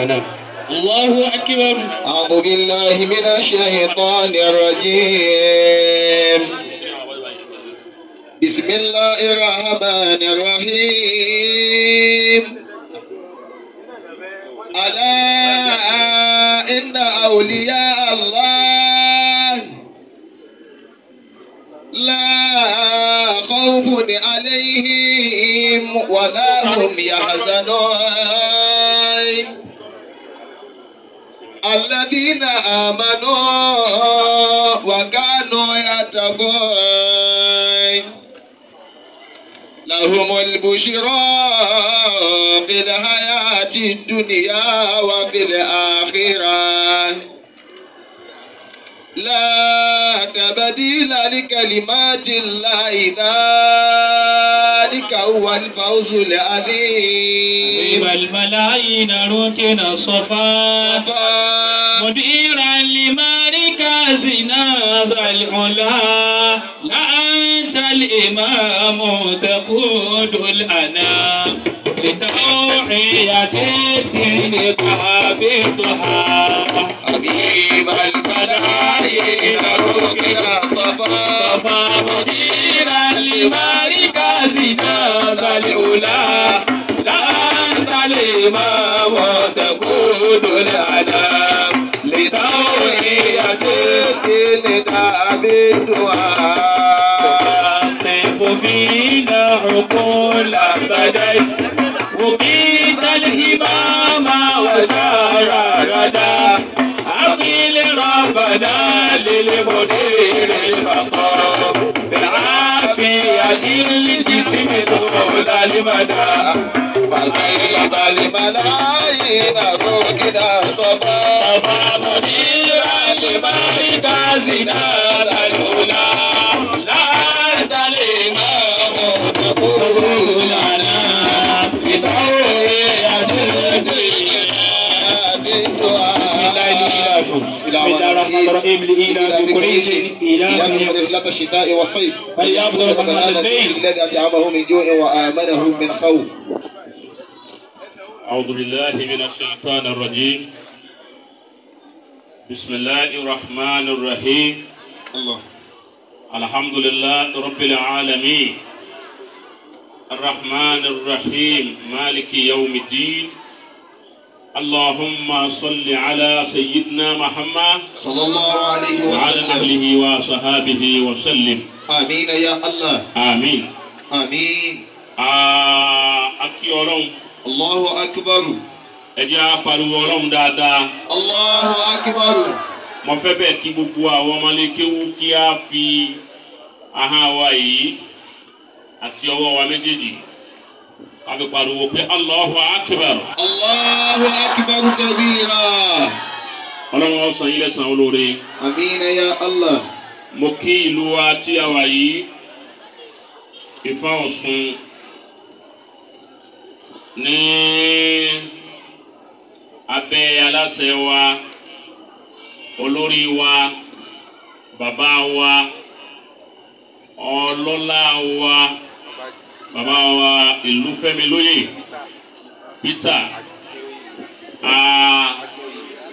الله أكبر أعوذ بالله من الشيطان الرجيم بسم الله الرحمن الرحيم ألا إن أولياء الله لا خوف عليهم ولا هم يحزنون الذين آمنوا وكانوا يتقون لهم البشرى في الحياة الدنيا وفي الآخرة لا تبديل لكلمات الله ذات ذلك هو الفوز العظيم الملايين ركن صفا مديرا لمالك زناد العلا لأنت الإمام تقود الأنام بتوحية الدين قابلتها حبيب البلايين ركنا صفا صفا مديرا لمركزنا فالأولى لا أنت الإمام وتكون الإعلام لتوحية الدين قابلتها يصرف فينا عقول أبدت وقيت الهمام وسار غدا عقيل ربنا للمدير الفقر بالعافية الجسم طول المدى والعيب لملايين روكنا صفا صفا مدير لمركزنا الأولى الرحيم لإيلاف قريش إيلاف رحلة الشتاء والصيف فليعبدوا أعوذ بالله من الشيطان الرجيم بسم الله الرحمن الرحيم الله الحمد لله رب العالمين الرحمن الرحيم مالك يوم الدين اللهم صل على سيدنا محمد صلى الله عليه وسلم وعلى أهله وصحابه وسلم آمين يا الله آمين آمين أكيورون الله أكبر أجا فارو الله أكبر mo fẹ́ bẹ́ẹ̀ kí gbogbo àwọn ọmọlékéwú kí á fi ahọ́n wa yìí àti ọwọ́ wa méjèèjì ká fi pariwo pé Allahu akbar. Allahu akbar kabira. ọlọ́run ọ̀sán yìí lẹ́sàn-án olóore. àmín ya Allah. mo kí ìlú wa tí a wà yìí Ifá Ọ̀ṣun ní abẹ́ aláṣẹ wa olórí wa bàbá wa ọlọ́lá wa bàbá wa ìlúfẹ́mi lóyè Peter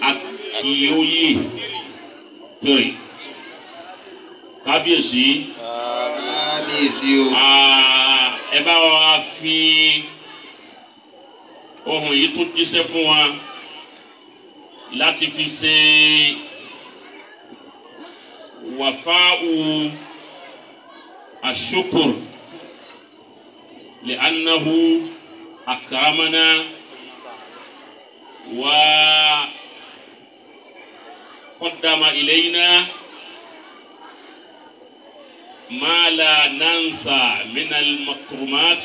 akínyóyè three kábíyèsí kábíyèsí o ẹ bá wa fi ohun yìí tó jíṣẹ́ fún wa láti fi ṣe. وفاء الشكر لأنه أكرمنا وقدم إلينا ما لا ننسى من المكرمات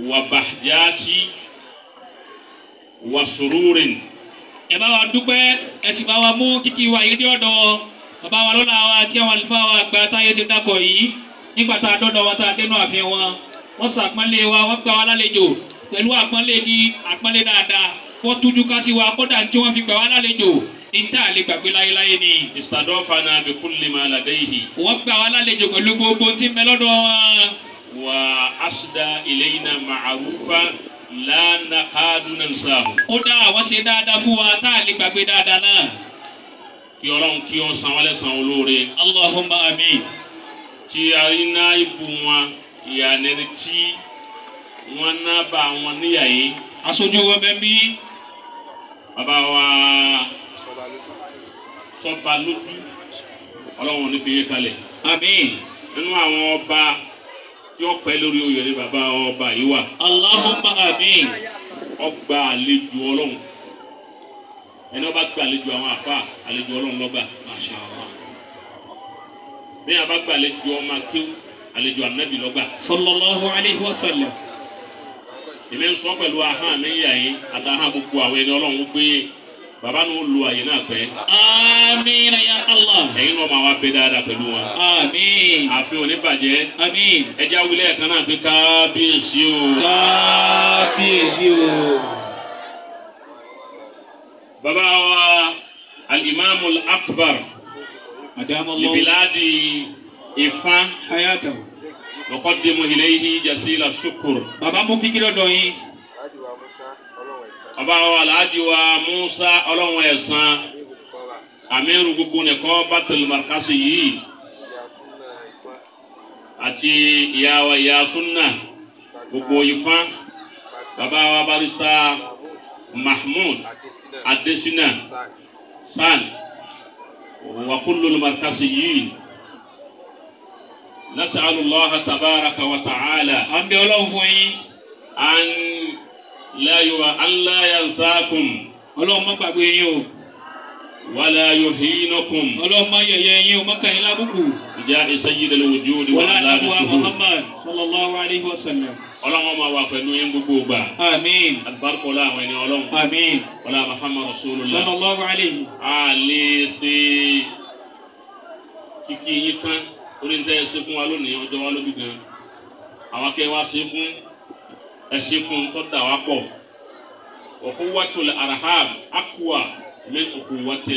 وبهجات وسرور ẹ bá wa dúpẹ́ ẹ sì bá wa mú kíkí wa yìí dé ọ̀dọ̀ bàbá wa lọ́la wa tí àwọn àlùfáà wa gba táyé ti dákọ̀ yìí nígbà tá a dọ́dọ̀ wọn tá a dénú ààfin wọn wọ́n sàpọ́nlé wa wọ́n gbà wá lálejò pẹ̀lú àpọ́nlé di àpọ́nlé dáadáa wọ́n tújú ká sí wa kódà tí wọ́n fi gbà wá lálejò níta lè gbàgbé láyéláyé ni. ìsàdọ́fàna bi kulli ma ladayhi. wọ́n gbà wá lálejò pẹ̀lú gbogbo tí ń bẹ lọ́dọ̀ wọn. wà á ṣùdá ilayna ma'rufa lánà kádùnà nsáàmù. ó dá àwọn ṣe dáadáa fún wa tá a lè gbàgbé dáadáa náà. kí ọlọ́run kí ọ san wọlé san olóore. allahumma amin. tí a rí náà ibù wọn ìyànnẹ́ni tí wọ́n ná bá wọn níyà yìí. aṣojú wọn bẹ́ẹ̀ bí. bàbá wa sọba lójú ọlọ́run ní fi yé kalẹ̀. amin. nínú àwọn ọba. yóò pẹ́ lórí oyè ní bàbá ọba yìí wà. Allahumma àmín ọgbà àlejò ọlọ́run ẹni ọba gba àlejò àwọn àfa àlejò ọlọ́run lọ́gbà bí a bá gba àlejò ọmọ akéwù àlejò ànábì lọ́gbà. Sallallahu alaihi wasallam. pẹ̀lú mi yà yín gbogbo àwọn ẹni ọlọ́run baba n'o lu àyè náà pẹ́. amiina ya allah. ẹ̀yin n'o ma wa bẹ dáadáa pẹ̀lú wa. àmín. àfi o ní bàjẹ́. àmín. ẹja wuli ẹ̀ kanna fi kábíyèsí o. kábíyèsí o. baba wa alimami akbar. adamu allah. libiladi ifan. hayata. lọkọ demu hileyi jasila sukur. baba mu kikiri dọ ye ọba wa alhaji wa musa ọlọ́run ẹ̀sán amiru gbogbo nìkan bàtẹ̀lì màkàsì yìí àti ìyá wa ìyá sunna gbogbo ifá baba wa barista mahmud adesina san wa kullu màkàsì yìí. نسأل الله تبارك وتعالى أن láyọ̀wá aláyànsákùn ọlọ́run má gbàgbé yín o wàlá yòhínàkùn ọlọ́run má yẹ̀yẹ́ yín o má kàn yín lábùkù. ìjà sayyidil wujudi wà láàbùkù wàlá àdàbọ̀ Muhammad sallallahu alayhi wa sallam. ọlọ́run máa wà pẹ̀lú yín gbogbo gbà. amiin alibarikola àwọn ènìyàn ọlọ́run. amiin wàlá Muhammad rasulullah. sallallahu alayhi. àlè ṣe kíkì yín kan orí ẹ ṣe fún tó dà wá pọ̀ òkú wàtò araham akuwa min òkú wàtò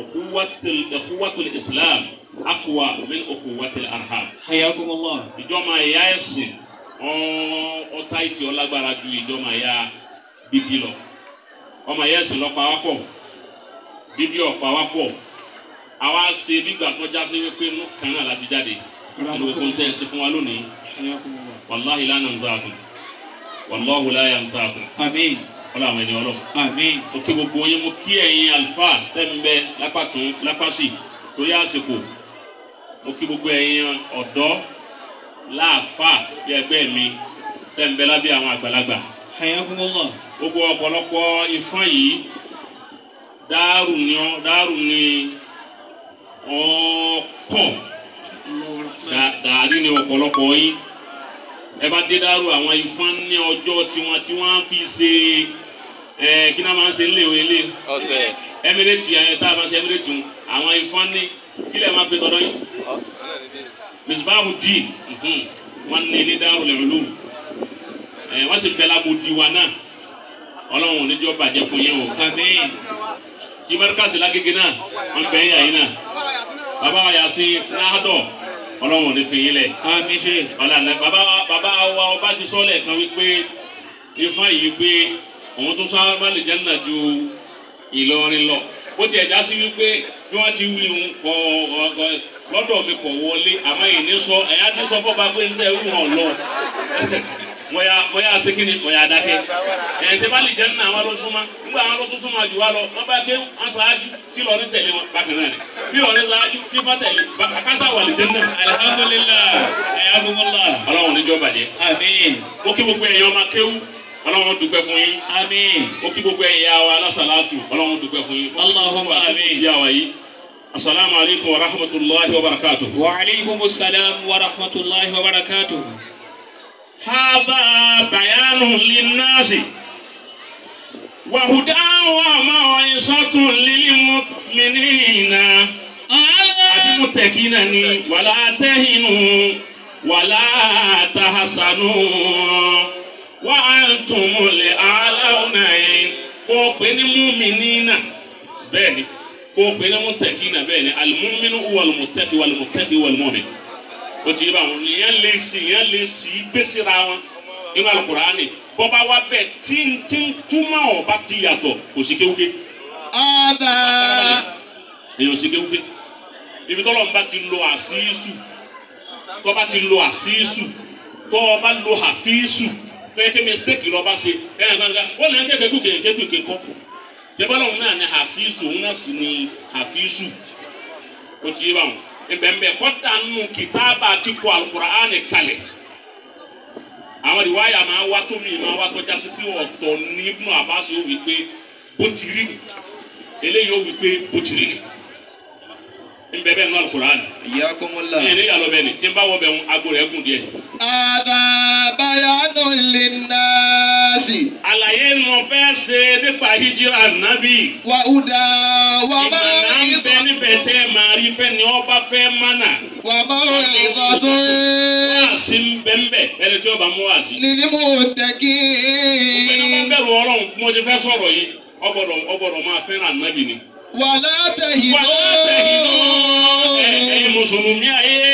òkú wàtò òkú wàtò islam akuwa min òkú wàtò araham. ayakumullah. ìjọba ẹ̀yà ẹ̀sìn ọ̀ọ́ta ìtì ọlágbára ju ìjọba ẹ̀yà bíbí lọ ọmọ ẹ̀yà ẹ̀sìn lọ pa wá pọ̀ bíbí ọ̀pá wá pọ̀ àwa ṣe bígbà tó jásí wípé kan náà láti jáde. ìlú kò ń tẹ̀ sí fún wa lónìí. wàláhi lánàá ń wallahu la yansakum. àmín. wọ́n àwọn ènìyàn ọlọ́run. àmín. mo gbogbo yín mo kí ẹ̀yin alfa tẹ́ǹbẹ́ lápàtún lápàsì lórí àsìkò mo gbogbo ẹ̀yin ọ̀dọ́ láàfà bí ẹgbẹ́ mi tẹ́ǹbẹ́ lábẹ́ àwọn àgbàlagbà. hayakumullah. gbogbo ọ̀pọ̀lọpọ̀ ìfọ́n yìí dáàrú ni dáàrú ni ọ̀ọ́kọ̀ dàrí ni ọ̀pọ̀lọpọ̀ yín ẹ bá dé dárò àwọn ifán ní ọjọ́ tiwọn tí wọ́n fi ṣe ẹ kí náà máa ń ṣe léwe lé ẹmírẹ́tì ẹ tá a bá ṣe ẹmírẹ́tì ń àwọn ifán ní kí lè máa pe tọ́dọ́ yìí misibahu di mhm, wọn ní ní dárò lẹ́rọ̀lù ẹ wọ́n sì fẹ́ lágbo di wa náà ọlọ́run ò bàjẹ́ fún yẹn o tí mẹ́ríkà sí lágége náà wọ́n fẹ́ yà yín náà bàbá wa yà sí náà dọ̀ ọlọ́run ò ní fi yín lẹ̀. àmì ṣe. ọ̀làlà bàbá bàbá wa ọba ti sọ lẹ́ẹ̀kan wípé ifá yìí pé òun tó sá bálẹ̀ jẹ́nà ju Ìlọrin lọ. ó ti ẹ̀dá sí wípé bí wọ́n ti wí lọ́dọ̀ mi kọ̀ wọlé àmọ́ ìní sọ ẹ̀yà ti sọ fọ́ba pé ń tẹ́ ẹ̀rù lọ mọ̀yà mọ̀yà asekini mọ̀yà adake ẹ̀ ṣe bá lè jẹ́ nínú àwọn alósúnmá nígbà àwọn alósúnmá jù wá lọ wọ́n bá ké wọ́n ṣáájú kí lọ́ọ̀rì tẹ̀lé wọn bákan náà ni bí lọ́ọ̀rì ṣáájú kí bá tẹ̀lé kásá wà lè jẹ́ nínú. alihamudulilayi ẹ̀yà gbogbo ọlọ́run níjọ́ bàjẹ́. àmín. ó kí gbogbo ẹ̀yọ́ máa kéwú ọlọ́run dúpẹ́ fún yín. àmín. ó kí gbogbo ẹ̀yà wa alásàlátù ọlọ́run dúpẹ́ fún yín. Allahumma àmín. asalaamualeykum wa rahmatulahi wa barakatuh. wa aleykum salaam wa rahmatulahi هذا بيان للناس وهدى وموعظة للمؤمنين المتقين ولا تهنوا ولا تحسنوا وأنتم الأعلون kó pé ní múmìnínà bẹ́ẹ̀ ni kó pé ní mútẹ̀kínà bẹ́ẹ̀ ni alimúmínú wàlúmùtẹ́kí wàlúmùtẹ́kí wàlúmùmí o ti yé báwọn ìyẹn lè sí ìyẹn lè sí gbèsèrà wọn nínú alukurani bọba wa bẹ tí n tí n túmọ̀ ọba ti yàtọ̀ kò sí kéwúké. ọ̀dà. èèyàn sí kéwúké ibi tọ́lọ̀ ń bá ti lo àṣìṣù tọ́ba ti lo àṣìṣù tọ́ba lo àfíṣù pé kí mistake lọ́ba ṣe ẹ̀rọ gbọ́dọ̀ wọ́n lè ń kéke kú kéke kú kéke kọ́ jẹ́bọ́lọ́hún náà ni àṣìṣù òun náà sì ni àfíṣù ó ti yé báwọn ibembe kota nu kitaba tiku alquran kale àwọn ìwáyà máa wá tó mi máa wá tọ́já sí pé ọ̀tọ̀ ní Ibnu Abbas ó wí pé bó ti rí ni eléyìí ó wí pé ti rí ni n bẹ bẹ nọ alukuraan. iya kọmọla. ẹ ne yalọ bẹ nin tí n bá wọ bẹ n agolo ẹ kun díẹ̀. àdàbàyànù linnaasi. àlàyé nù fẹ́ ṣe nípa hijira nabi. wa uda wa ma ìmọ̀nà bẹ nífẹ̀ tẹ́ màá rí fẹ́ ni ọ bá fẹ́ wa ma ìgbà tó yé. wáàsí ń bẹ ń bẹ ẹni tí ó bá mú wáàsí. nínú mo tẹ kí. o fẹ́ ní wọ́n bẹ̀rù ọlọ́run mo ti fẹ́ sọ̀rọ̀ yìí ọgbọ̀dọ̀ ọgbọ̀dọ̀ máa fẹ́ràn nabi ni wàlá tẹ̀yìnà. wàlá tẹ̀yìnà ẹ̀yin mùsùlùmí ayé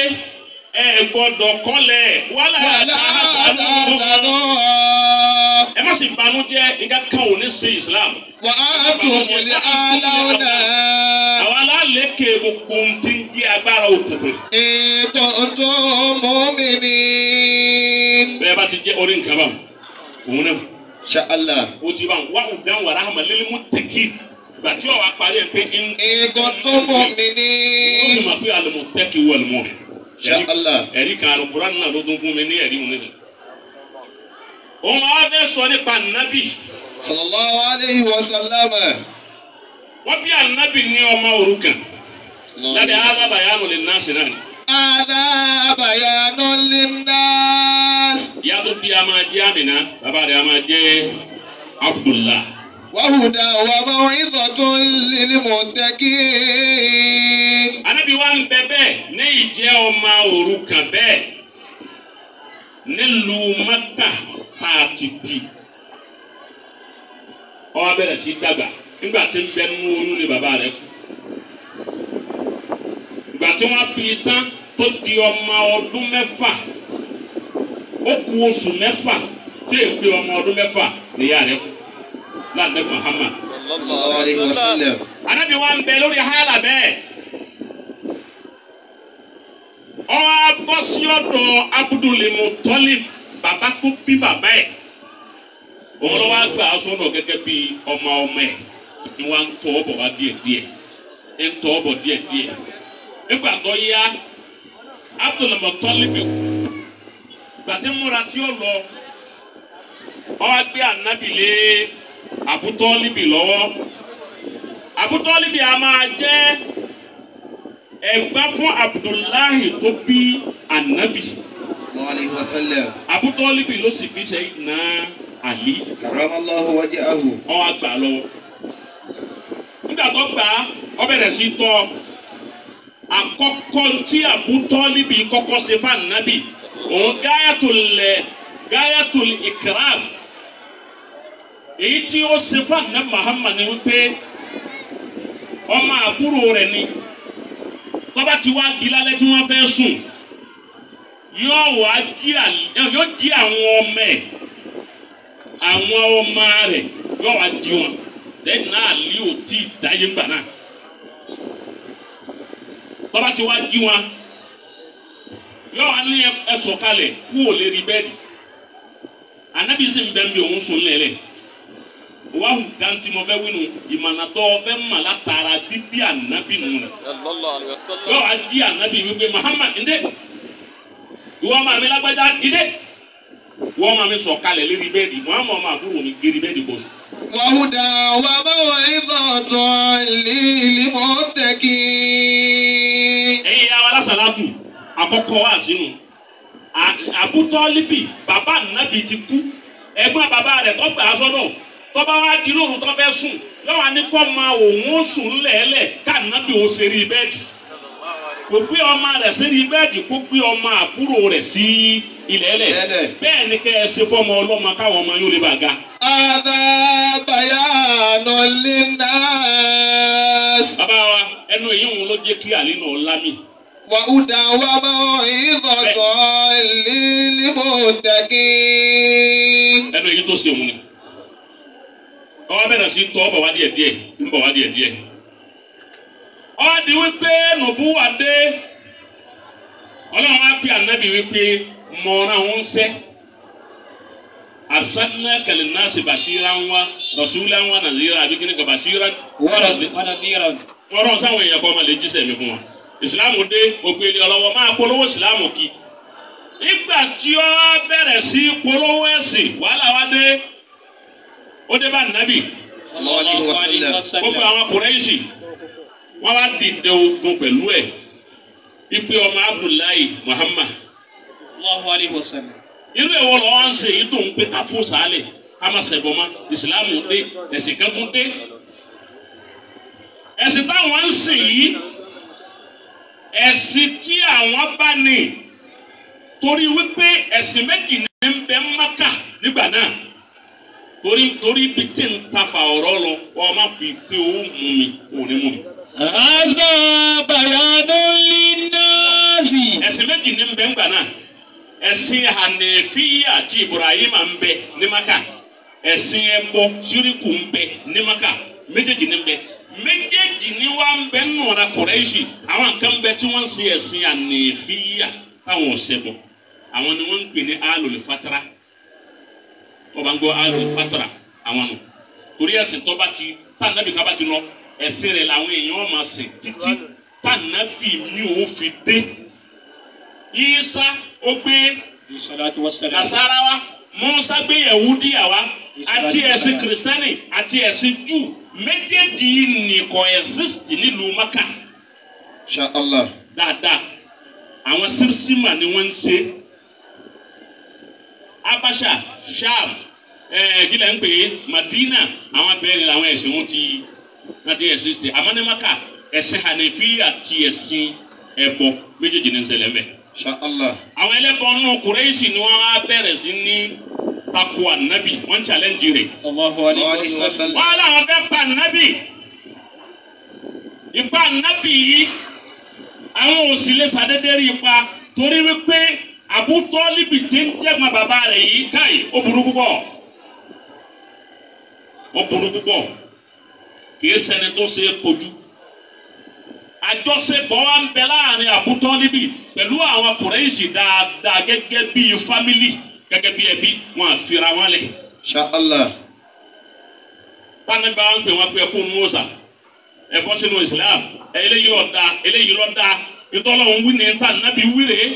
ẹ gbọ́dọ̀ kọ́lẹ̀ wàlá tàdánù. ẹ má sì banújẹ́ nígbà kan ò sí Islam. wà á tún wòlé aláwọ̀ náà. àwọn alálékè òkun ti ń jí agbára òkùnkùn. ètò tó mú mi ni. bẹ́ẹ̀ bá ti jẹ́ orí nǹkan bá òun náà. Insha Allah. o ti ban wa u dan wa rahama lilimu tẹkí gbà tí ọ̀wá parí ẹ̀ pé ń. nǹkan tó bọ̀ mí ní. ó sì mọ̀ pé àlùmọ̀ tẹ́kì wọ àlùmọ̀ rẹ̀. ẹ̀rí kan àlùkùrán náà ló tún fún mi ní ẹ̀rí òun nìyẹn. òun á fẹ́ sọ nípa nábì. sallallahu alayhi wa sallam. wọ́n bí ànábì ní ọmọ òrukàn. lábẹ́ ábàbà yà ló lè ná sí náà. ábàbà yà ló lè ná. ìyá bí a máa jẹ́ àmìná bàbá rẹ̀ a máa jẹ́ abdullah wàhùdà wà máa ń sọ tó ń lè ní mọ̀tẹ́kì. Ànábì wa ń bẹ bẹ́ẹ̀ ní ìjẹ́ ọmọ òrukàn bẹ́ẹ̀ nílùú Mẹ́kà pàtìpì. Ó wá bẹ̀rẹ̀ sí dàgbà nígbà tí ń bẹ nínú oyún ni bàbá rẹ̀ kú. Ìgbà tí wọ́n fi tán tó di ọmọ ọdún mẹ́fà ó ku oṣù mẹ́fà tó èpè ọmọ ọdún mẹ́fà níyà rẹ̀ kú. lánàá Muhammad. Ànábì wa ń bẹ lórí hàlà bẹ́ẹ̀. Ọwọ́ abọ́sí ọ̀dọ̀ Abdul Muttalib baba tó bí baba ẹ̀. Òun ló wá gbà gẹ́gẹ́ bí ọmọ ọmọ Ni wọ́n wá díẹ̀ díẹ̀. ń tọ́ díẹ̀ díẹ̀. Nígbà tó yá, kú. Gbàdémúra tí ó lọ, gbé lé. àbútọ́líbì lọ́wọ́ àbútọ́líbì a máa jẹ́ ẹ̀gbá fún abdullahi tó bí anabi àbútọ́líbì ló sì fi ṣe ìdùnnà àlí. karamallahu àgbà lọ nígbà tó gbà á ọ sí tọ́ tí àbútọ́líbì kọ́kọ́ ṣe fún anabi òun gáyàtò lẹ̀ èyí tí ó se fún àná mahama ni wípé ọmọ àbúrò rẹ ni tọ́ba ti wá di lálẹ́ tí wọ́n fẹ́ sùn yóò wá jí yóò àwọn ọmọ ẹ̀ àwọn ọmọ rẹ̀ yóò wá jí wọn lẹ́yìn náà ò tí ì dáyé gbà náà tọ́ba ti wá jí wọn yóò wá ní ẹsọ̀ kalẹ̀ kú ò lè ń bẹ́ẹ̀ bí òun sùn lẹ́lẹ́. wàhù dantí mo fẹ́ wínú ìmọ̀nàtọ́ fẹ́ màlá tààrà bíbí ànábì nù rẹ̀. yóò wá di wípé Muhammad ndé ìwọ nde. mi lágbájá ndé ìwọ ọmọ mi sọ kalẹ̀ ọmọ àbúrò mi gérí bẹ́ẹ̀dì bọ̀. wà bá wà lílì mọ́ ti kú bàbá gbà tọ́ba wa di lóru tó fẹ́ sùn lọ́wọ́ ni kọ́ máa òun ó sùn lẹ́ẹ̀lẹ̀ káànábì ó ṣe rí bẹ́ẹ̀dì kò gbé ọmọ rẹ̀ sí rí bẹ́ẹ̀dì kó gbé ọmọ àbúrò rẹ̀ sí ilẹ̀ẹ́lẹ̀ bẹ́ẹ̀ ni kẹ́ ẹ ṣe fọ́mọ ọlọ́mọ káwọn ọmọ yóò lè bá ga. ada bayanu linnas. bàbá wa ẹnu èyí òun ló jẹ́ kí àlínà ọ̀la mi. wà á dà wá bá ìgbọ̀ngàn lílímọ̀ dàgé. ẹnu èyí tó ṣe òun ni ọwọ́ bẹ̀rẹ̀ sí tọ́ ọbọ̀ wá díẹ̀ díẹ̀ ńbọ̀ wá díẹ̀ díẹ̀. ọ̀dì wípé nùbú wà dé ọlọ́run á pè ànábì wípé mọ̀ọ́ra ń sẹ́ arsalna kẹlẹ náà sì bàṣírà ń wá rọ̀ṣúlá ń wá nàzírà àbí kíni kan bàṣírà wọ́n rọ̀ sáwọn èèyàn kọ́ ọmọ lè jíṣẹ́ mi fún wa ìsìláàmù dé ògbélé ọlọ́wọ́ máa polówó ìsìláàmù kí nígbà tí ó bẹ̀rẹ̀ sí polówó ẹ̀sìn wàhálà wá dé ó dé bá nàbì gbogbo àwọn kùrẹ́yìsì wọ́n wá dìde ogun pẹ̀lú ẹ̀ ipe ọmọ abdullahi muhammad irú ẹ̀wọ̀ lọ́wọ́ ń ṣe èyí tó ń pè ká fún sàálẹ̀ ká má ṣẹ̀bọ̀ mọ́ ìsìlámù dé ẹ̀sìn kan tún dé ẹ̀sìn táwọn ń sìn yìí ẹ̀sìn tí àwọn bá ní torí wípé ẹ̀sìn méjì ní ń bẹ Mákà nígbà náà. torí torí bí tí n ta fa ọ̀rọ̀ lọ ọ má fi pé o mú mi o ní mú mi. aṣọ bàyánú lè nọ́ọ̀sì. ẹ̀sìn méjì ní bẹ́ẹ̀ gbà náà ẹ̀sìn hànẹ́fíyà tí ibrahim bẹ ẹ̀sìn ẹ̀bọ ṣíríkù ń bẹ méjèèjì ní bẹ méjèèjì awọn wà ń bẹ nù àwọn nǹkan bẹ tí ọba ń gbọ́ alùn fatara àwọn nù torí ẹ̀sìn tọ́ba ti tànàbì kaba ti lọ ẹ̀sìn rẹ̀ làwọn èèyàn máa sìn títí tànàbì mi ò fi dé yíṣá ó gbé nasara wa mọ́sá gbé yẹ̀wúdí àwa àti ẹ̀sìn kìrìsìtẹ́nì àti ẹ̀sìn jù méjèèjì nìkan exist nílùú maka. dáadáa àwọn sírísìmà ni wọ́n ń ṣe. Abacha Sham eh, kílẹ̀ ń pè é Madina àwọn abẹ́rẹ́ làwọn ẹ̀sìn wọn ti láti ẹ̀sìn ṣe amánimaka ẹ̀sìn Hanafiya àti ẹ̀sìn ẹ̀bọ méjèèjì ní ṣẹlẹ̀ mẹ́. àwọn ẹlẹ́bọ nù Kùrẹ́ṣì ni wọ́n á bẹ̀rẹ̀ sí ní takò ànábì wọ́n challenge rẹ̀. wọ́n fẹ́ pa ànábì ipa ànábì yìí àwọn òsì lè sàdédé rí ipa torí wípé. àbútọ́líbì tí ń jẹ́gbọ́n bàbá rẹ̀ yìí káì ó burú púpọ̀ ó burú púpọ̀ kìí ṣẹni tó ṣe é kojú àjọṣepọ̀ wa ń bẹ láàrin àbútọ́líbì pẹ̀lú àwọn kùrẹ́ìsì dáadáa gẹ́gẹ́ bíi fámìlì gẹ́gẹ́ bíi ẹbí wọn àfira wọn lẹ̀. ṣáàlà. pánibà ń pè wọn pé ẹkún mọ́sà ẹ̀kọ́ sínú Islam eléyìí ọ̀dà eléyìí lọ́dà ìtọ́lọ́hún wí ní ta nàbí wí rèé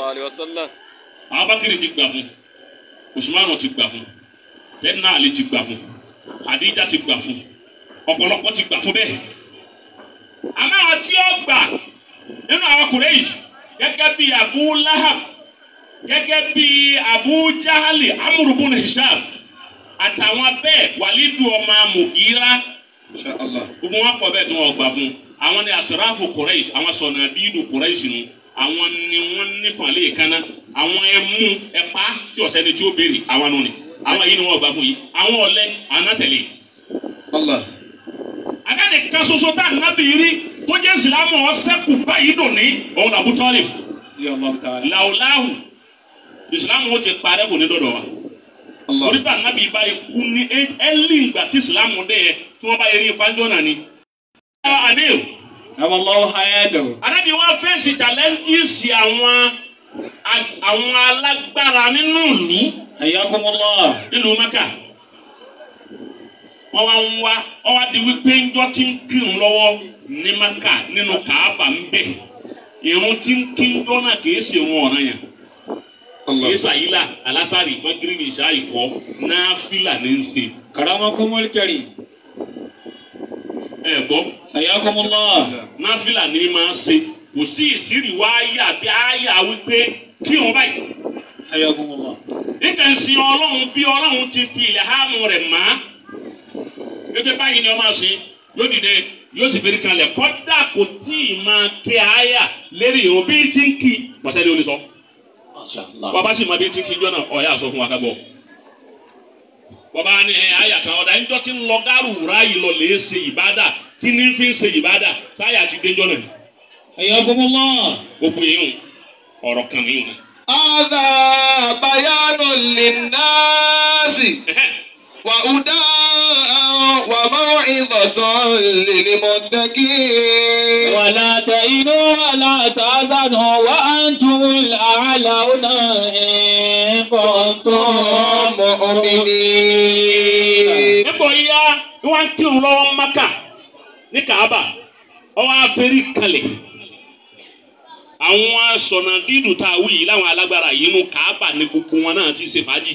sallallahu alayhi wa sallam. abakiri ti gbà fún usmanu ti gbà fún lẹ́nà àlè ti gbà fún àdíjà ti gbà fún ọ̀pọ̀lọpọ̀ ti gbà fún bẹ́ẹ̀. àmọ́ àwọn tí ó gbà nínú àwọn Quraysh gẹ́gẹ́ bí Abu Lahab gẹ́gẹ́ bí Abu Jahali Amru bun Hisham àtàwọn bẹ́ẹ̀ Walidu ọmọ Mugira gbogbo wọn kọ bẹ́ẹ̀ tí wọ́n gbà fún àwọn ni asrafu Quraysh àwọn sọ̀nà bídù Quraysh nù àwọn ni wọ́n nífọ̀ lè kaná àwọn ẹmú ẹ̀pá tí ọ̀sẹ́ni tí ó béèrè àwọn nù ni àwọn yìí ni wọ́n gbà fún yìí àwọn ọ̀lẹ́ ànátẹ̀lé. agáde kan ṣoṣo tá a nábì rí tó jẹ́ ìsìlámù ọ̀sẹ́kù báyìí dùn ní òun làbú tọ́lẹ̀ làwùláhù ìsìlámù ó ti parẹ́ kò ní dọ̀dọ̀ wa oríta nábì báyìí kú ní ẹ́ẹ́lì ìgbà tí ìsìlámù dé yẹ tí wọ́n bá yẹ ní ìpájọ́ náà ni. Ẹ̀wọ̀lọ́wọ́ ayẹ́dẹ̀wò. Anábì wa fèsì challenges àwọn àwọn alágbára nínú ìlú. Ẹ̀yọ́kọ́mọ́lọ́. Nínú Mẹ́kà. Wọ́n wá ń wá wọ́n wá di wípé ńjọ́ tí ń kírun lọ́wọ́ ní Mẹ́kà nínú Kàábà ń bẹ̀. Ìrun tí ń kí ńjọ́ náà kìí ṣe wọn ọ̀ràn yẹn. Kìí ṣàyílà alásàrì ìgbọ́n gírígì ìṣáà ìkọ́ náà fìlà ní í ṣe. Kàràmọ́kọ́mọ́lì kẹrin ẹ gbọ́ ẹ̀yàkọ́mọ́lá náfìlà ni máa ń ṣe kò sí ìsírí wá yà bí àyà wípé kí òun báyìí ẹ̀yàkọ́mọ́lá. níta ń sin ọlọ́run bí ọlọ́run ti fi ilẹ̀ hànú rẹ̀ mọ́ gẹ́gẹ́ báyìí ni ọ máa ṣe yóò dìde yóò sì fẹ́rí kalẹ̀ kọ́dà kò tí ì máa kí àyà lérí ìrùn bí tí ń kí pàṣẹ ni ó lè sọ. bàbá sì máa bí tí ń kí jọ́nà ọ̀yà sọ fún wa ká gbọ́ bàbá ni ẹ àyà kan ọ̀dà ẹjọ́ ti ń lọ gárù ráàyè lọ lè ṣe ìbádà kí fi ń ṣe ìbádà sáyà ti déjọ́ náà. ẹ̀yọ́ gbogbo mọ́. gbogbo yìí ọ̀rọ̀ kan yìí. ọ̀dà bayanu lè وهدى وموعظة للمتقين ولا تئنوا ولا تحزنوا وأنتم الأعلون إن كنتم مؤمنين. Níbo yá wọ́n ti ń Maka ní Kaaba, ọwọ́ abẹ́rí kalẹ̀. Àwọn sọ̀nà dídùn tá a wí láwọn alágbára yìí nù Kaaba ní gbogbo wọn náà ti ṣe fàájì.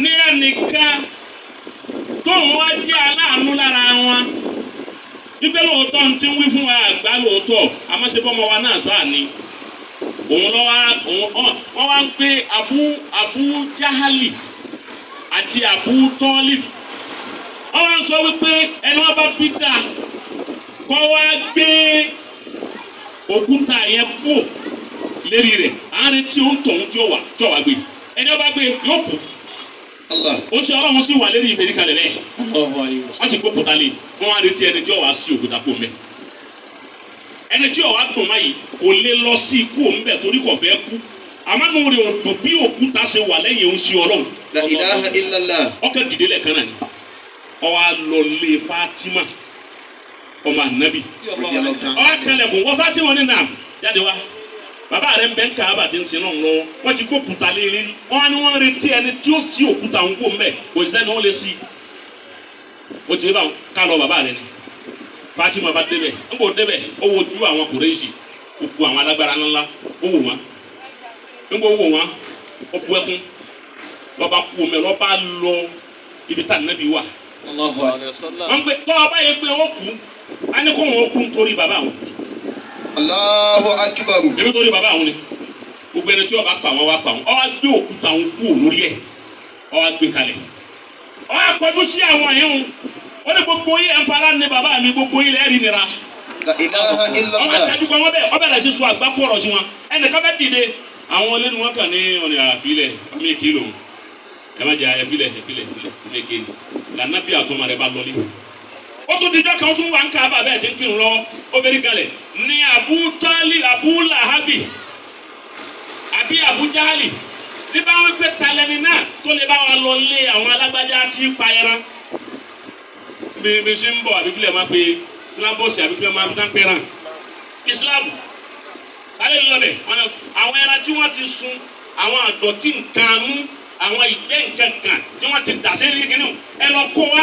ní ẹnìkan tóun wá jẹ́ aláàánú lára wọn wípé lóòótọ́ ní ti wí fún wa àgbà lóòótọ́ àmọ́ bọ́mọ wa náà sáà ni òun lọ́wọ́ wọ́n wá ń jahali àti abu tọ́lif wọ́n wá ń sọ wípé ẹni bá pítà kọ́ wá gbé òkúta yẹn kú lérí rẹ̀ àárín tí ó ṣe ọlọ́run sì wà lérí ìbérí kalẹ̀ rẹ̀ wọ́n sì kó pòtálì wọ́n wá retí ẹni tí ọ̀wá sí òkúta pò mẹ́ ẹni tí ọ̀wá dùn báyìí kò lè lọ sí ikú òun bẹ̀ torí kò fẹ́ kú àmánú rẹ̀ ò bí òkúta ṣe wà lẹ́yìn òun sí ọlọ́run. ọkẹ́ dìde lẹ́ẹ̀kan náà ni ọwọ́ Fatima ọmọ anabi wọ́n Fatima ní jáde wá. bàbá rẹ̀ ń bẹ́ ń ka abàdí ń sin náà lọ́wọ́ wọ́n ti kó kùtà lé e rí wọ́n á ní wọ́n retí ẹni tí ó sí òkúta ń wò mẹ́ kò sẹ́ni ó lè sí o ti bá ká lọ bàbá rẹ̀ ni Fatima bá débẹ̀ ń bò débẹ̀ ó wo ju àwọn kùrẹ́jì ó ku àwọn alágbára ńlá ó wò wọ́n ń bò wò wọ́n ó bu ẹkún lọ́ba kú omi lọ́ba lọ ibi tá nàbí wà wọ́n gbé tọ́ ọba yẹn gbé ó kú á kó wọn kú nítorí bàbá wọn. Allahu Akbar. èmi tó ní bàbá àwọn ni gbogbo ẹni tí ọba pa wọn wá pa wọn ọba gbé òkúta wọn kú lórí ẹ ọba gbé kalẹ̀ ọba kọjú sí àwọn yìí wọn wọn ní gbogbo yìí ẹ̀ ń fara ní bàbá mi gbogbo yìí lẹ́ẹ̀rí nira ọba tẹ́jú pa wọn bẹ́ẹ̀ ọba rẹ̀ sísun àgbákò ọ̀rọ̀ sí wọn ẹnì kan bẹ́ẹ̀ dìde àwọn olórí wọn kàn ní ọ̀nà àfilẹ̀ ọmọ èké lòun ẹ má jẹ àyàfilẹ̀ ẹ̀filẹ̀ ẹ̀filẹ̀ èké lànà bí àtọ́mọ rẹ bá lọ níbi ó tún dijọ́ kan ó tún wà ń ká bàbá ẹ̀ tí ń kírun lọ́wọ́ ó fẹ́rí kalẹ̀ ní Abu Tali Abu Lahabi àbí Abu Jahali bí bá wọn pé talẹ́ni náà tó lè bá wa lọ lé àwọn alágbájá tí ń pa ẹran bí bí ṣe ń bọ̀ àbí kílẹ̀ máa pe filabọ́ọ̀sì àbí kílẹ̀ máa fi tán pẹ́ràn Islam alẹ́ lọ́bẹ̀ àwọn ẹran tí wọ́n ti sun àwọn àdọ̀tí nǹkan mú àwọn ìgbẹ́ nǹkan kan tí wọ́n ti dà sí ẹni kìnnìún ẹ lọ kó wa.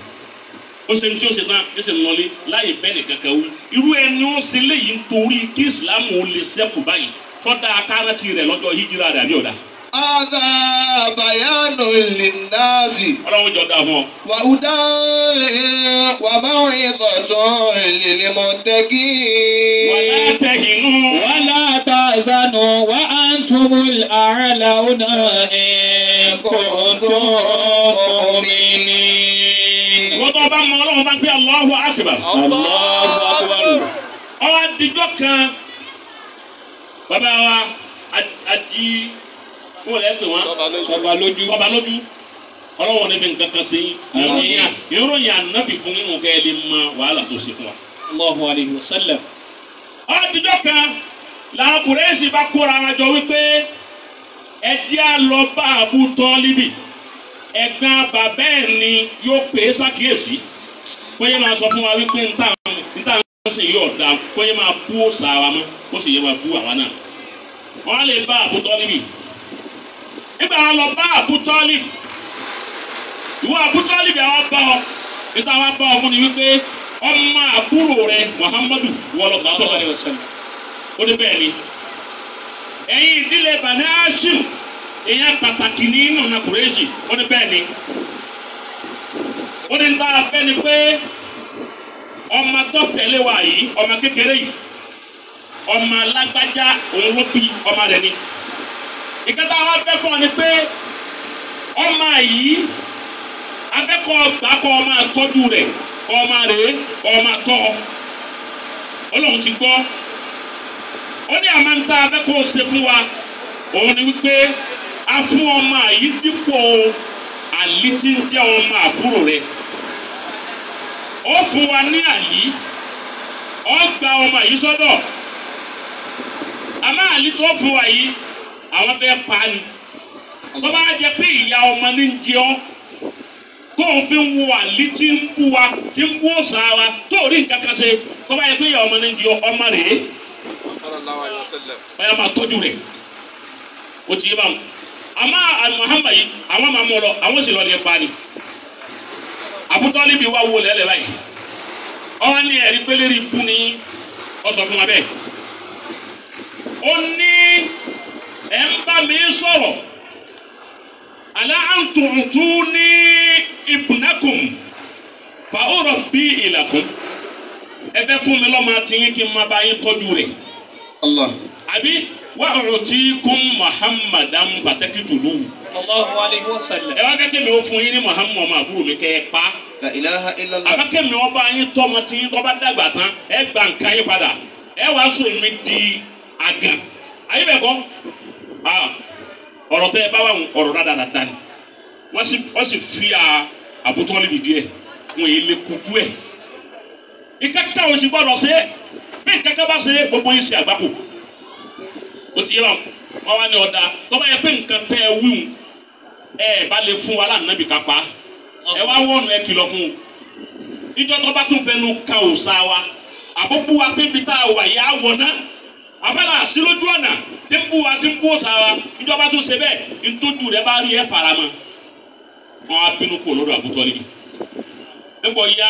ó ṣe tí ó ṣe tán ó sì ń bẹ́ẹ̀ nìkan kan wí irú ẹni ó ṣe léyìí nítorí kí islam ó lè ṣẹ́kù báyìí tọ́da akárántì rẹ̀ lọ́jọ́ hijira rẹ̀ àbí ọ̀dà. Ada bayanu lindazi. Ọlọ́run jọ da fún ọ. Wà á dá wà bá wọn ìtọ̀ tó lèlè mọ̀ tẹ́kí. Wà á tẹ̀hínú. Wà á ta sanu wà á túbú àrẹ làwọn náà ẹ̀kọ́ tó ọmọ mi tó bá mọ ọlọ́run bá gbé Allahu Akbar. Allahu Akbar. ọwọ́ adijọ́ kan bàbá wa adi wọ́n lẹ́ pè wọ́n sọba lójú sọba lójú ọlọ́wọ́n ní fi nǹkan kan sí ìròyìn ànábì fún nínú kẹ́ ẹ lè mọ wàhálà tó ṣe fún wa. Allahu alayhi wa sallam. ọ̀dìjọ́ kan làwọn kùrẹ́sì bá kóra wọn jọ wípé ẹ jẹ́ àlọ́ bá Abu Talibi. ẹ̀gbọ́n bàbá ẹ̀ ni yóò pè é ṣàkíyèsí kóyè máa sọ fún wa wípé níta níta ń sìn yóò dá kóyè máa bú òòsà mọ́ kó sì yẹ wa bú àwa náà wọ́n lè bá àbútọ́ ọ níta wọn bá ọ fún rẹ Muhammadu sọgbà ọsẹ ó ní ìyẹn pàtàkì ní ìlànà kùrẹ́sì ó ní ni ní bá a fẹ́ ni pé ọmọ tẹ̀lé wa yìí ọmọ kékeré yìí ọmọ alágbájá òun ló bí ọmọ rẹ̀ ni ìkẹta wa fẹ́ fún ọ ni pé ọmọ yìí akẹ́kọ̀ọ́ gbà kọ́ ọmọ àtọ́jú ọmọ ọmọ àtọ́ ọlọ́run ti gbọ́ ó ní àmọ́ ń ta ṣe fún wa òun ni wípé. a fún ọmọ yìí dípò àlí tí ń jẹ́ ọmọ wa ni àlí ọ gba ọmọ yìí a maa àlí tó fún wa yi àwọn bẹ́ẹ̀ pa ni tó bá jẹ pé ìyá ọmọ ni ń jẹ fi wo àlí wa tí ń bú òòsà wa tó rí nǹkan kan ṣe tó bá pé ìyá ọmọ ní ń jẹ àmọ́ àmọ́hàmà yìí àwọn máa mú lọ àwọn sì lọ lè pa ni wa wo lẹ́lẹ̀ báyìí ọwọ́ ní ẹ̀rí pélére ikú ni ọ fún wa bẹ́ẹ̀ ó ní mi sọ̀rọ̀ ala ní ibùnákùn fàórọ̀ bí ìlàkùn ẹ fẹ́ fún mi lọ́mọ àti yín kí n má bá àbí wà ọ̀rọ̀ tí kún am pàtàkì tòlú. Allahu alayhi wa sallam. ẹ wá kẹ́kẹ́ mi ó fún yín ní muhammad ma àbúrò mi kẹ́ ẹ pa. la ilaha illallah. àbákẹ́ mi ọba yín tọ́mọ tí yín tọ́ba dàgbà tán ẹ gbà nǹkan yín padà ẹ wàá sọ mi di àgàn ayé bẹ̀ kọ́ ọ̀rọ̀ tẹ́ ẹ bá wà ọ̀rọ̀ dáadáa ni wọ́n sì fi àbútọ́lì bìdí ẹ̀ wọ́n yé lé kutu ẹ̀ ìkẹ́kẹ́ oṣù gbọ́dọ̀ ṣe bí ìkẹ́kẹ́ bá ṣe gbogbo yìí ṣe àgbákò ó ti yẹ wọn wá ní ọ̀dà tó bá yẹ pé nǹkan tẹ́ ẹ wíwù ẹ bá lè fún wa lánàbì kápá ẹ wá wọ́ọ̀nù ẹ kìlọ̀ fún un ìjọ tó bá tún fẹnu ka òòṣà wa àbúkú wa pébi tá a wà yá wọ̀ náà àbẹ́là sí lójú ọ̀nà tí ń bú wa tí ń bú òòṣà wa ìjọ bá tún ṣe bẹ́ẹ̀ ntójú rẹ bá rí ẹ faramọ́ wọn á bínú kó lọ́dọ̀ àbútọ́ níbi. ẹ gbọ́ ya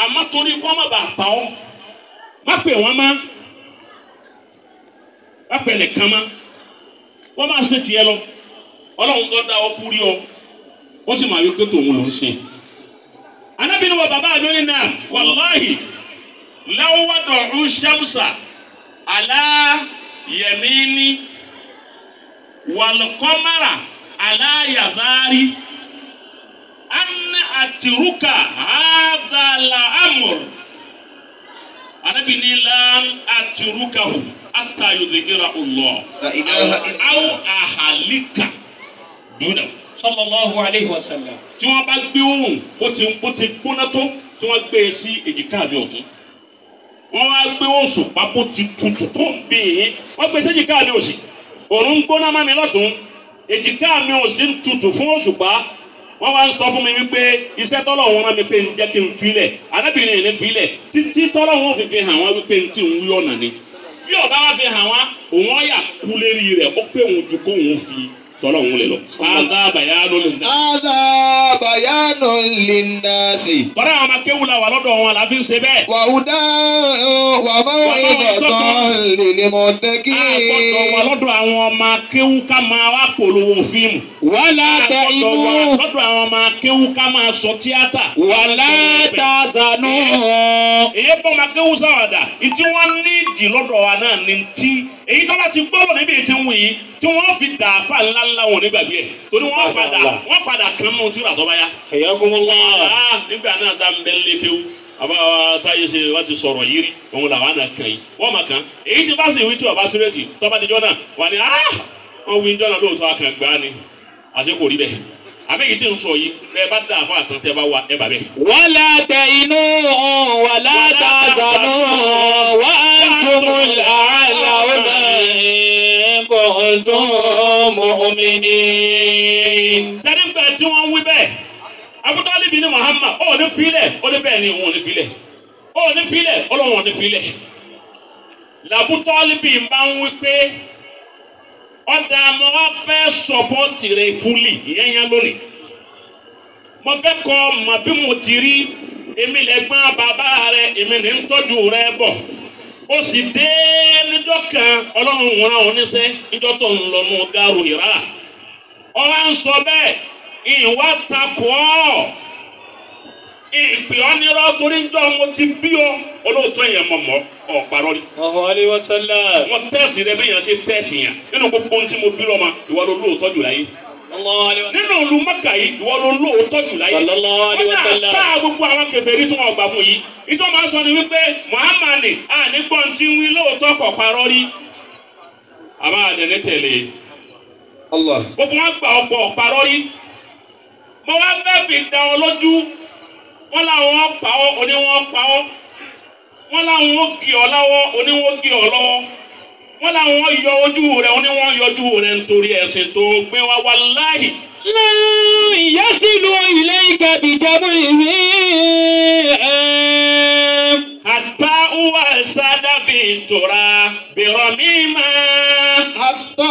àmọ́ torí kó má bàa pa ọ́ má pè wọ́n má má pè nìkan má wọ́n máa ṣe tiẹ̀ lọ ọlọ́run tó dá ọ kú rí ọ ó sì máa rí pé tòun ló ń ṣe. anábì ni wọ bàbá àdóni náà wàláhì láwọ́dọ̀ ọ̀hún ṣẹ́mùsà aláyẹ̀míní wàlùkọ́mára aláyàbárí atiruka hadala amur anabi ni lan atirukahu ata yudhikira Allah aw ahalika duna sallallahu alayhi wa sallam. tí wọ́n bá gbé ohun ó ti ó ti gbóná tó tí wọ́n gbé e sí èjìká mi ọ̀tún wọ́n wá gbé oṣù papọ̀ ti tutù tó ń bè é wọ́n gbé e sẹ́jìká mi òsì òun gbóná má mi lọ́tún èjìká mi òsì ń tutù fún oṣù pa wọ́n wá ń sọ fún mi wípé iṣẹ́ tọ́lọ̀ wọn rán mi pé ń jẹ́ kí n filẹ̀ arábìnrin yẹn filẹ̀ títí tọ́lọ̀ wọn fi fi hàn wọ́n wípé n tí ń wí ọ̀nà ni bí ọ̀gá wa fi hàn wá òun ọ̀yà kú lérí rẹ̀ ó pé òun ju kóun fi tọ́lọ̀ ń lè lọ. Ada bayanu linna. Ada bayanu linna si. Bọ́dá àwọn akéwù la wà lọ́dọ̀ wọn la fi ń ṣe bẹ́ẹ̀. Wà ó dá wà bá wọn ìdọ̀tán lèlè mọ̀ tẹ́kí. Àgbọ̀dọ̀ wà lọ́dọ̀ àwọn ọmọ akéwù ká máa wá polówó fíìmù. Wàlá ta inú. Àgbọ̀dọ̀ wà lọ́dọ̀ àwọn ọmọ akéwù ká máa sọ tíátà. Wàlá ta sànú. Èyí bọ́ ọmọ akéwù sáwàdà. Ìtí wọ́n ní ìdí lọ́dọ̀ wa náà ni ti. Èyí tó bá ti gbọ́ ńlá wọn nígbàgbé ẹ̀ torí wọ́n padà wọ́n padà kàn mọ́ tíra tó bá yá. ẹ̀yà kúmọ́ lọ́wọ́. nígbà náà tá n bẹ́ lé kéwú àbá táyé ṣe wá ti sọ̀rọ̀ yìí rí òun làwọn àna kàn yìí wọ́n máa kàn èyí ti bá sì wí tí ọba súrẹ́tì tọ́ba ti jọ́nà wà ní ah! wọ́n wí jọ́nà lóòótọ́ akàngbá ni àti kò rí bẹ́ẹ̀ àbẹ́yìí tí ń sọ yìí ẹ bá dà fún àtúntẹ bá wà ẹ bà bẹ́ẹ̀. wala ta'inu wala tahzanu wa antumul kuntum mu'minin. Dàdí gbà tí wọ́n wí bẹ́ẹ̀, Abudali bin Muhammad, ó ní filẹ̀, ó ní bẹ́ẹ̀ ni òun ní filẹ̀, ó ní filẹ̀, ọlọ́run ní filẹ̀. Làbútọ́lì bíi máa ń wí pé ọ̀dà àmọ́ wa fẹ́ sọ̀pọ́tì rẹ̀ fúlì ìyẹn yẹn lónìí. Mo fẹ́ kọ́ màbí mo ti rí èmi lẹ́gbọ́n bàbá rẹ̀ èmi ní ń tọ́jú rẹ̀ bọ̀ ó sì dé níjọ́ kan ọlọ́run wọn oníṣẹ́ níjọ́ tó ń lọ nù gáàrú ìrà ọlá ń sọ bẹ́ẹ̀ ìwà takò ọ́ ìpè ọ́ torí ń jọ mo ti bí ọ olóòótọ́ yẹn mọ̀ mọ́ ọ̀ parọ́ ni. ọ̀hún alẹ́ wọ́n sẹ́lẹ̀. wọ́n tẹ̀sí rẹ bí yẹn ṣe tẹ̀sí yẹn nínú gbogbo ohun tí mo bí lọ́mọ ìwà ló jù láyé nínú ìlú mẹ́kà yìí ìwọ ló lóòótọ́ jù láyé wọ́n náà bá gbogbo àwọn kèfèrí tí wọ́n gbà fún yìí ìtọ́ máa sọ ni wípé muhammad àní gbọ́ntì ń wí lóòótọ́ kọ̀ parọ́ rí àmọ́ àdẹ̀ni tẹ̀lé gbogbo wọn gbà ọ̀pọ̀ parọ́ rí mo wá fẹ́ fi da ọ lójú wọ́n láwọn pa ọ́ oníwọ̀n pa ọ́ wọ́n láwọn ó gé ọ láwọ́ oníwọ̀n gé ọ lọ́wọ́ wọ́n làwọn yọ ojú rẹ̀ wọ́n ní wọ́n yọ ojú rẹ̀ nítorí ẹ̀sìn tó gbé wá wá láàyè. láàrín ìyá sínú ilé ìgbàbí jábọ̀ ìwé ẹ̀. àtà wà sádàbí ìtura bẹ̀rọ̀ mímọ́. àtà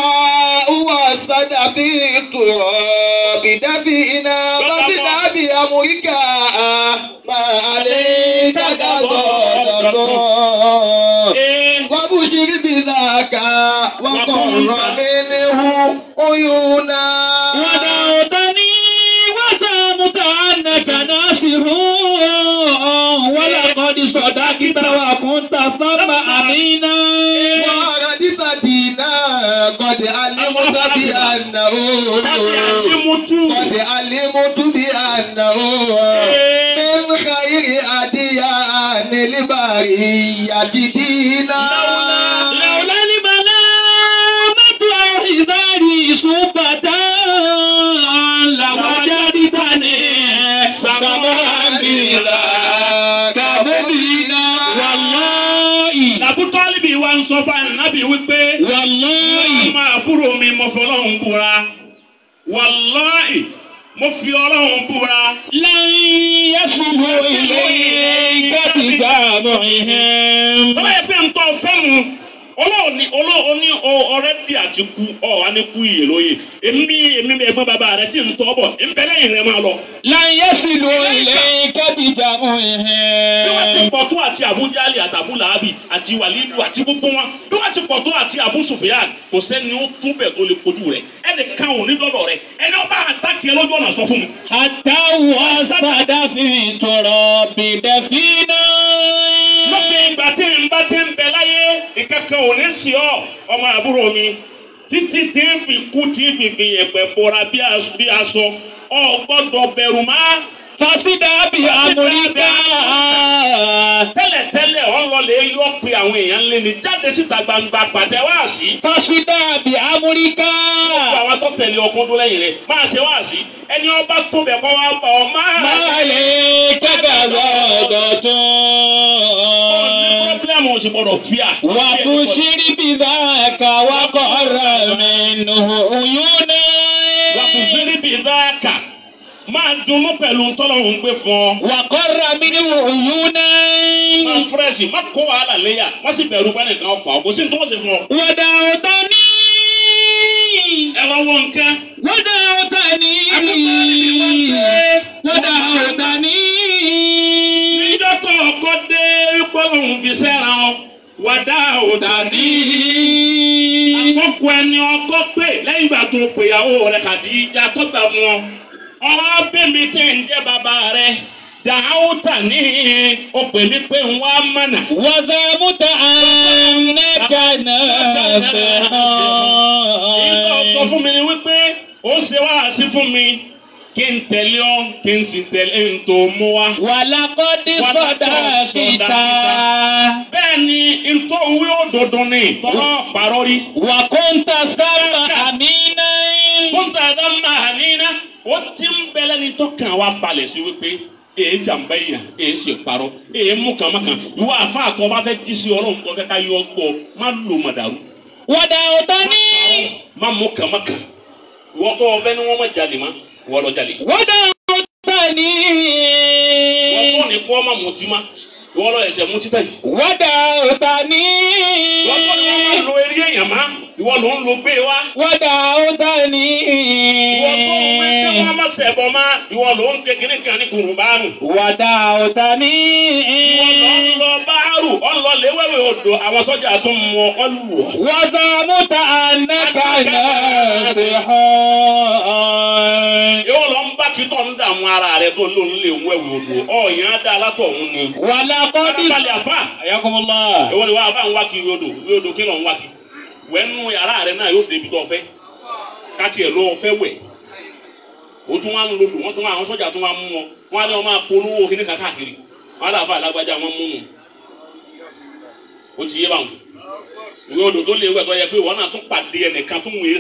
wà sádàbí ìtura bìdábì iná bàtìdábì amúríkà máa lè kágàbọ̀ lọ́dọ̀ bí dàgà wọ́n kọ̀ rọ̀ mí níhu oyún náà. Wàdà ọ̀dọ́ ní wàsàmù ká nàṣàná sí hùn. Wọ́lá kọ́ ni sọ̀dá kíta wà kún ta sọ́mà àmínà. Wàrà níta dìínà kọ̀dé alémútà bí àná o. Kọ̀dé alémútù bí àná o. Mẹ́rin ká ìrìn àdíyà nílẹ̀ bàrí yàtì ìṣúbàtà làwọn jáde tani sàmọ́ àbílà kàbẹ́bìlà. wàláì. làbútọ́lìbì wa ń sọ fún ànábì wípé. wàláì. wọ́n mi mọ̀ fọlọ́hún búra. wàláì mo fi ọlọ́run búra. lẹ́yìn yẹ́sùn wo ilé ìgbẹ́dìgbà àbọ̀ ìhẹ́. ó ní ọ̀rẹ́dì àti ku ọ̀ wá ní ku ìyè lóye èmi èmi bẹ bàbá rẹ tí ń tọ́ bọ̀ ńbẹ lẹ́yìn rẹ máa lọ. láyé sì ló ilé kẹ́bíjà ọ̀hìn. bí wọ́n ti pọ̀ tó àti àbújáàlì àtàbú àti wàlídù àti gbogbo wọn bí wọ́n ti pọ̀ àti àbú sùfìyàn kò sẹ́ni ó tún bẹ̀ tó lè kojú rẹ ẹnì kan ò ní dọ́dọ̀ rẹ ẹni ọba àtàkì ẹ lójú ọ̀nà sọ fún mi. àtàwọn sádàfin tọrọ bìdẹ̀fínà mọ̀pẹ́ ìgbà tí n bá ti ń bẹ láyé ìkankan ò ní ọmọ àbúrò mi títí tí ń fi kú tí ń fi fi yẹ̀pẹ̀ bọ̀ra bí aṣọ ọ bẹ̀rù má. Fasida bi Tẹ́lẹ̀tẹ́lẹ̀ ọlọ́lẹ̀ yọ pé àwọn èèyàn lé ní jáde síta gbangba pàtẹ wáàsí. Fasida bi amurika. Gbogbo àwọn tó tẹ̀lé ọkùnrin tó lẹ́yìn rẹ̀ máa ṣe wáàsí. Ẹni ọba tó bẹ̀ kọ́ wá bọ̀ ọ́ máa. Máa lè kẹ́kẹ́ lọ́dọ̀ tún ṣe gbọ́dọ̀ fíà. wà á kú sírí bí dáàkà wà kọ́ ọ̀rọ̀ mi nù oyún náà. wà á kú sírí bí dáàkà máa dunnú pẹ̀lú ntọ́lọ́hún gbé fún ọ. wà á kọ́ ra mi ní oyún náà. máa fúrẹ́sì má kó wàhálà léyà má sì bẹ̀rù bá nìkan ọkọ̀ kò sí ntọ́wọ́sẹ̀ fún ọ. wàdà ọ̀tọ̀ ní. ẹ lọ nǹkan. wàdà ọ̀tọ̀ ọ̀tọ̀ ní gbóhùn fi sẹ́ran o wà dáhùdà ní. àkókò ẹni ọkọ pé lẹ́yìn ìgbà tó pèyàwó rẹ̀ Khadija tó gbà mú ọ. ọ̀rọ̀ bẹ́mi tẹ̀ ń jẹ́ bàbá rẹ̀ dàáwùtà ní ọ̀pẹ̀ mi pé ń wá mọ̀nà. wàzàmùtà àmẹ́kànnà ṣẹ̀hán. ìgbà ọ̀sán fún mi ni wípé ó ṣe wáhásí fún mi kí n tẹ̀lé ọ́ kí n sì tẹ̀lé n tó mú wa. wàlàkọ́dí sọ̀dá fìtà. bẹ́ẹ̀ ni ntọ́ wí ó dodo ni tọ́lá parọ́ rí. wà kóńtà sábà àmínà. kóńtà sábà àmínà ó ti ń bẹ̀lẹ̀ ní tọ́kàn wa balẹ̀ sí wípé èyí jàmbá yìí hàn èyí sì parọ́ èyí mú kàn ìwọ àfa àtọ́ bá fẹ́ jí sí ọlọ́run tó kẹ́kẹ́ yọ gbọ́ má lò mà dàrú. wọ́dà ọ̀tá má mú kàn má wọ́n lọ jalè. wọ́n dá wọn tà ní. wọ́n fọ́ ni kó ọmọ mutí ma wọ́n lọ ẹ̀sẹ̀ mutí tẹ̀. wọ́n dá wọn tà ní. wọ́n fọ́ ni wọ́n máa eré èèyàn má ìwọ ló ń lo gbé wa. wọ́n dá wọn tà ní. ìwọ tó ń wọ́n má sẹ̀bọ̀ má ìwọ ló ń kékeré kan ní kùrùbárù. wọ́n dá wọn tà ní. ìwọ ló ń lọ bá ẹrù ọlọ léwéwé odò àwọn sọ́jà tún mọ ọlùwò. wọ́n sọ múta ànáka náà ṣe hàn. yóò lọ ń bá kítọ̀ ń dààmú ara rẹ̀ tó lóun lè wọ ẹ̀wù odò ọ̀yàn á dá látọ̀ òun ni. wàlá kọ́dí. kárabalẹ̀ àfa. ayakomola. èwo ni wàá bá ń wá kiri odò wí odò kí ló ń wá kiri. wẹ́nu náà yóò débi fẹ́. káti ẹ̀ fẹ́ wẹ̀ o tún wá ń ó ti yé bá wọn ìwé odò tó lè wẹ̀ tó yẹ pé ìwọ náà tún pàdé ẹnìkan tó ń wèé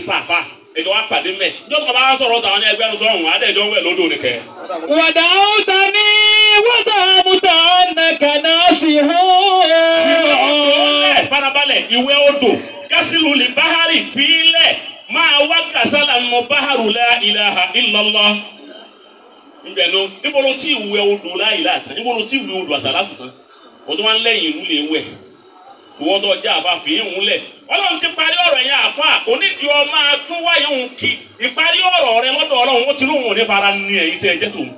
wa pàdé mẹ jọ́sọ̀ kan bá wá sọ̀rọ̀ tàwọn ẹgbẹ́ ń sọ̀rùn adéjọ́ wẹ̀ lódò nìkẹ́. wàdà ó ta ní wọ́sà àmúta ọ̀nà kàná sí hó. farabalẹ̀ ìwé odò kásìlù lè báhárì fílẹ̀ máa wá kàsálà nù báhárù la ilaha níbo ló ti ìwé láti níbo ló ti ìwé tán ń lẹ́yìn ìlú lè wẹ̀. ìwọ tó jẹ́ àfa fi ń lẹ̀ ọlọ́run ti parí ọ̀rọ̀ yẹn àfa kò ní di ọmọ atúwá yẹn kí ìparí ọ̀rọ̀ rẹ lọ́dọ̀ ọlọ́run ó ti ní òun ní fara ní ẹ̀yìn tẹ́ ẹ jẹ́ tòun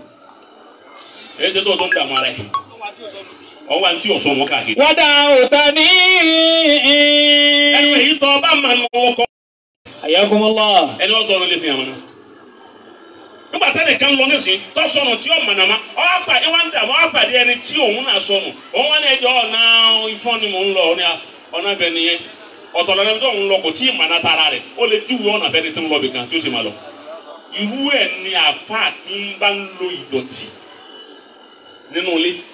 èyí ṣe tó tó ń dààmú ara yìí ọwọ́ àti ọ̀sán wọn káàkiri. wọ́n dá òta ní. ẹnu èyí tọ́ ọba mànú ọkọ. àyàkùnmọ́lá. ẹni wọ́n sọ ọ́ lè fi hàn wọn nígbà tẹ́lẹ̀ kan lọ nísìn tó sọnù tí ó mọ̀nàmá ọ pàdé wọn dà mọ́ pàdé ẹni tí òun náà sọnù òun wọn ẹjọ́ ọ̀nà oh, ìfọ́n ni mò ń lọ ah, ọ̀nà bẹ nìyẹn ọ̀tọ̀ lọ́nà tó ń lọ kò tí ì mọ̀nà tara rẹ̀ ó lè júwe ọ̀nà bẹ́ni tó ń lọ bìkan tó sì máa lọ. irú ẹ̀ ni àfa àti ń bá ń lo ìdọ̀tí nínú ilé